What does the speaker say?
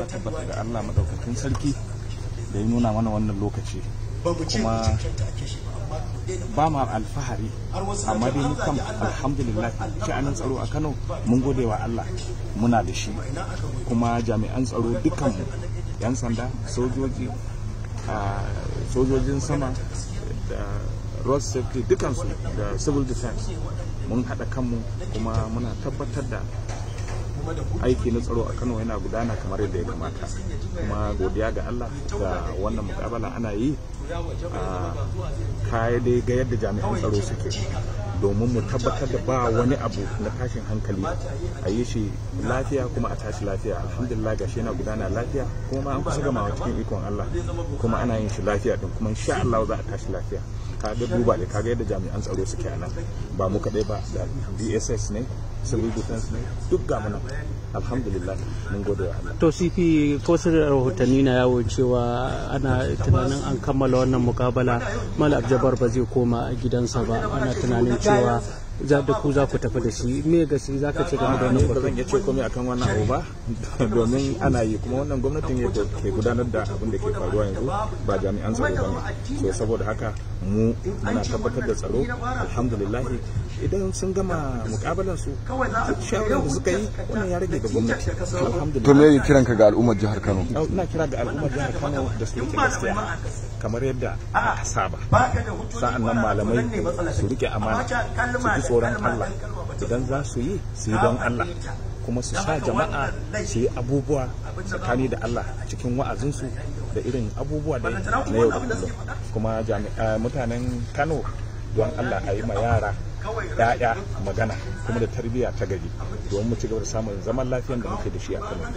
ya tabbata ga Allah madaukakin sarki da ya nuna mana wannan lokaci kuma ba ma alfahari amma dai mu alhamdulillah sha'anin tsaro a Kano mun gode wa Allah muna da shi kuma jami'an tsaro dukkan yan sanda sojoji sojojin sama da road safety dukansu da civil defense mun haɗa kanmu kuma muna tabbatar da aiki na tsaro a Kano yana gudana kamar yadda ya kamata kuma godiya ga Allah ga wannan mukabala ana yi a kaya dai ga yadda jami'an tsaro suke domin mu tabbatar da ba wani abu na tashin hankali a yi shi lafiya kuma a tashi lafiya alhamdulillah gashi yana gudana lafiya kuma an kusa a cikin ikon Allah kuma ana yin shi lafiya din kuma insha Allah za a tashi lafiya ka ga duba da ka ga yadda jami'an tsaro suke a nan ba mu kaɗai ba da DSS ne civil defense ne to CP ko rahotanni na yawo cewa ana tunanin an kammala wannan mukabala mal abjabar ba zai koma gidansa ba ana tunanin cewa za da ku za ku tafi da shi me gaske za ka ce game da wannan ba zan iya ce komai akan wannan abu ba domin ana yi kuma wannan gwamnatin ya ke gudanar da abin da ke faruwa yanzu ba jami'an tsaro ba so saboda haka mu muna tabbatar da tsaro alhamdulillah idan sun gama mukabalan su shawarar da suka yi wannan ya rage ga gwamnati to me kiran ka ga al'ummar jihar Kano ina kira ga al'ummar jihar Kano da su rike gaskiya kamar yadda aka saba sa'annan malamai su rike amana tsoron Allah idan za su yi su yi don Allah kuma su sa jama'a su yi abubuwa tsakani da Allah cikin wa'azinsu da irin abubuwa da na yau da kullum kuma mutanen Kano don Allah a yi ma yara ya'ya magana kuma da tarbiyya ta gari domin mu ci gaba da samun zaman lafiyan da muke da shi a Kano